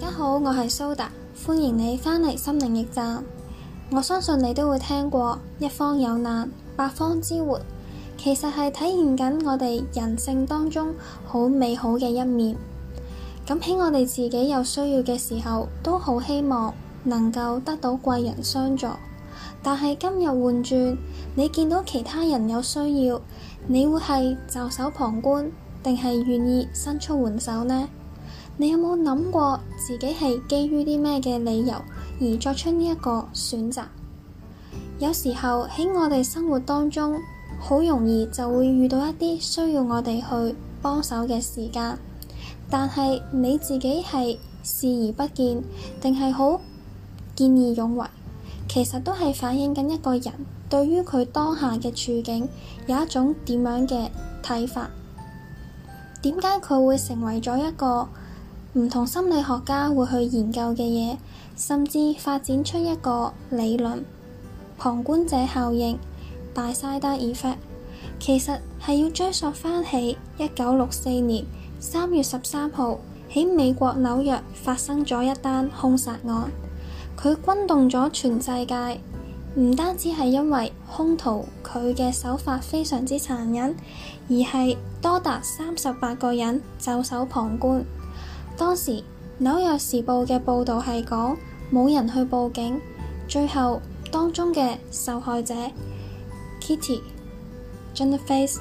大家好，我係蘇達，歡迎你返嚟心靈驛站。我相信你都會聽過一方有難，八方支援，其實係體現緊我哋人性當中好美好嘅一面。咁喺我哋自己有需要嘅時候，都好希望能夠得到貴人相助。但係今日換轉，你見到其他人有需要，你會係袖手旁觀，定係願意伸出援手呢？你有冇諗過自己係基於啲咩嘅理由而作出呢一個選擇？有時候喺我哋生活當中，好容易就會遇到一啲需要我哋去幫手嘅時間，但係你自己係視而不見，定係好見義勇為？其實都係反映緊一個人對於佢當下嘅處境有一種點樣嘅睇法？點解佢會成為咗一個？唔同心理學家會去研究嘅嘢，甚至發展出一個理論——旁觀者效應（大 y s t a 其實係要追溯翻起一九六四年三月十三號喺美國紐約發生咗一單凶殺案，佢轟動咗全世界。唔單止係因為凶徒佢嘅手法非常之殘忍，而係多達三十八個人袖手旁觀。當時《紐約時報》嘅報道係講，冇人去報警。最後當中嘅受害者 Kitty Jennifer，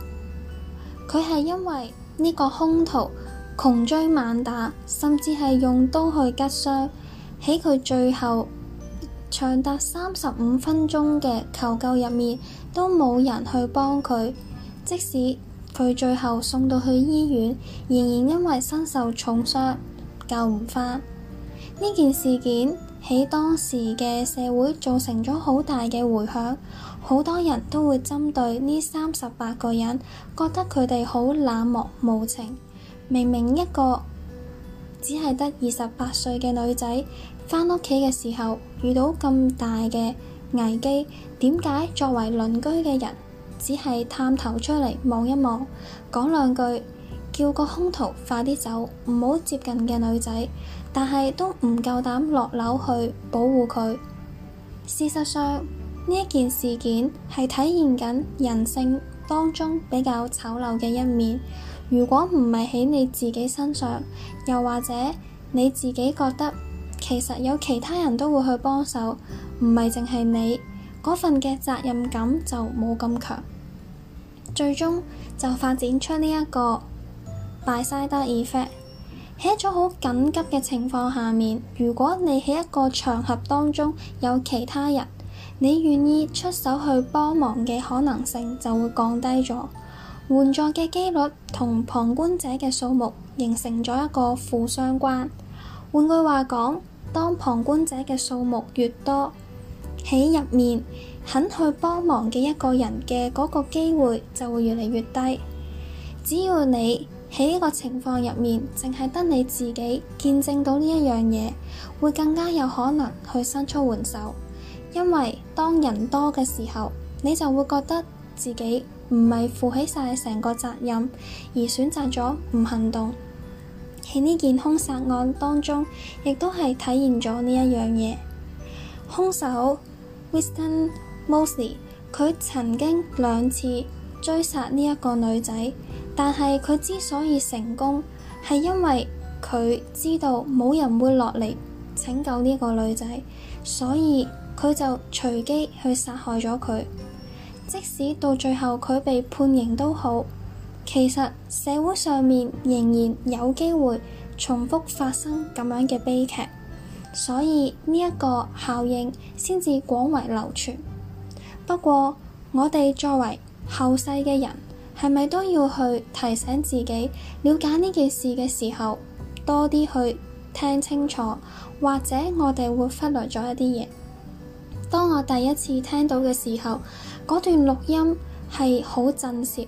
佢係因為呢個凶徒窮追猛打，甚至係用刀去拮傷。喺佢最後長達三十五分鐘嘅求救入面，都冇人去幫佢，即使。佢最後送到去醫院，仍然因為身受重傷救唔翻。呢件事件喺當時嘅社會造成咗好大嘅回響，好多人都會針對呢三十八個人，覺得佢哋好冷漠無情。明明一個只係得二十八歲嘅女仔，翻屋企嘅時候遇到咁大嘅危機，點解作為鄰居嘅人？只係探頭出嚟，望一望，講兩句，叫個兇徒快啲走，唔好接近嘅女仔。但係都唔夠膽落樓去保護佢。事實上，呢一件事件係體現緊人性當中比較醜陋嘅一面。如果唔係喺你自己身上，又或者你自己覺得，其實有其他人都會去幫手，唔係淨係你。嗰份嘅責任感就冇咁強，最終就發展出呢一個 bystander effect，喺一種好緊急嘅情況下面。如果你喺一個場合當中有其他人，你願意出手去幫忙嘅可能性就會降低咗，援助嘅幾率同旁觀者嘅數目形成咗一個負相關，換句話講，當旁觀者嘅數目越多，喺入面肯去幫忙嘅一個人嘅嗰個機會就會越嚟越低。只要你喺呢個情況入面，淨係得你自己見證到呢一樣嘢，會更加有可能去伸出援手。因為當人多嘅時候，你就會覺得自己唔係負起晒成個責任，而選擇咗唔行動。喺呢件兇殺案當中，亦都係體現咗呢一樣嘢。兇手 Winston Moseley 佢曾經兩次追殺呢一個女仔，但係佢之所以成功，係因為佢知道冇人會落嚟拯救呢個女仔，所以佢就隨機去殺害咗佢。即使到最後佢被判刑都好，其實社會上面仍然有機會重複發生咁樣嘅悲劇。所以呢一個效應先至廣為流傳。不過我哋作為後世嘅人，係咪都要去提醒自己，了解呢件事嘅時候，多啲去聽清楚，或者我哋會忽略咗一啲嘢。當我第一次聽到嘅時候，嗰段錄音係好震懾，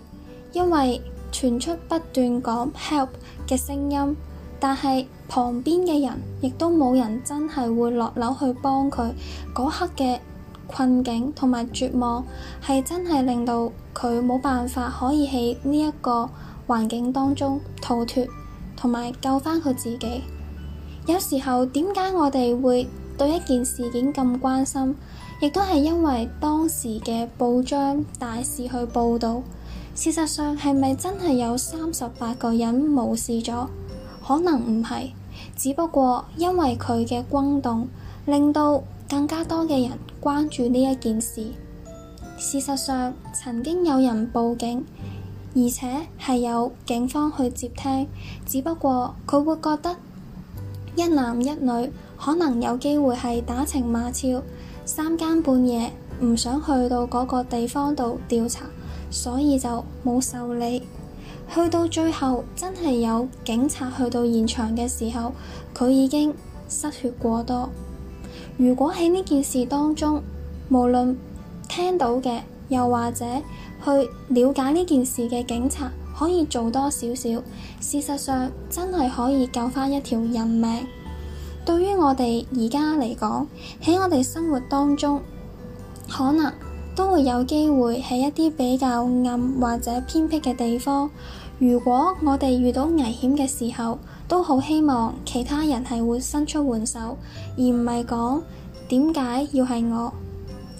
因為傳出不斷講 help 嘅聲音。但係旁邊嘅人亦都冇人真係會落樓去幫佢，嗰刻嘅困境同埋絕望係真係令到佢冇辦法可以喺呢一個環境當中逃脱，同埋救翻佢自己。有時候點解我哋會對一件事件咁關心，亦都係因為當時嘅報章大肆去報道。事實上係咪真係有三十八個人無視咗？可能唔係，只不過因為佢嘅轟動，令到更加多嘅人關注呢一件事。事實上，曾經有人報警，而且係有警方去接聽，只不過佢會覺得一男一女可能有機會係打情罵俏，三更半夜唔想去到嗰個地方度調查，所以就冇受理。去到最後，真係有警察去到現場嘅時候，佢已經失血過多。如果喺呢件事當中，無論聽到嘅，又或者去了解呢件事嘅警察，可以做多少少，事實上真係可以救返一條人命。對於我哋而家嚟講，喺我哋生活當中，可能……都會有機會喺一啲比較暗或者偏僻嘅地方。如果我哋遇到危險嘅時候，都好希望其他人係會伸出援手，而唔係講點解要係我。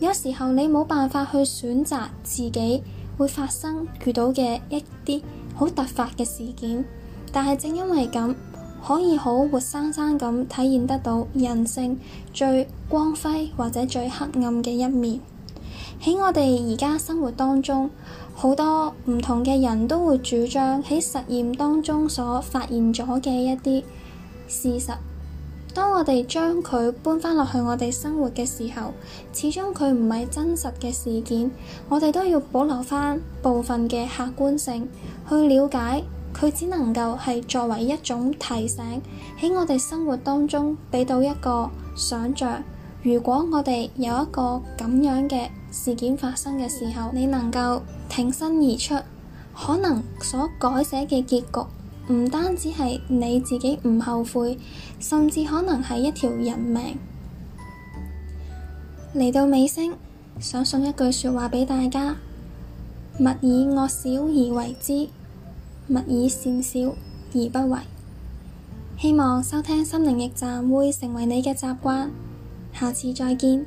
有時候你冇辦法去選擇自己會發生遇到嘅一啲好突發嘅事件，但係正因為咁，可以好活生生咁體驗得到人性最光輝或者最黑暗嘅一面。喺我哋而家生活當中，好多唔同嘅人都會主張喺實驗當中所發現咗嘅一啲事實。當我哋將佢搬翻落去我哋生活嘅時候，始終佢唔係真實嘅事件，我哋都要保留翻部分嘅客觀性去了解佢，只能夠係作為一種提醒喺我哋生活當中畀到一個想像。如果我哋有一個咁樣嘅事件發生嘅時候，你能夠挺身而出，可能所改寫嘅結局唔單止係你自己唔後悔，甚至可能係一條人命。嚟到尾聲，想送一句説話畀大家：勿以惡小而為之，勿以善小而不為。希望收聽心靈驛站會成為你嘅習慣，下次再見。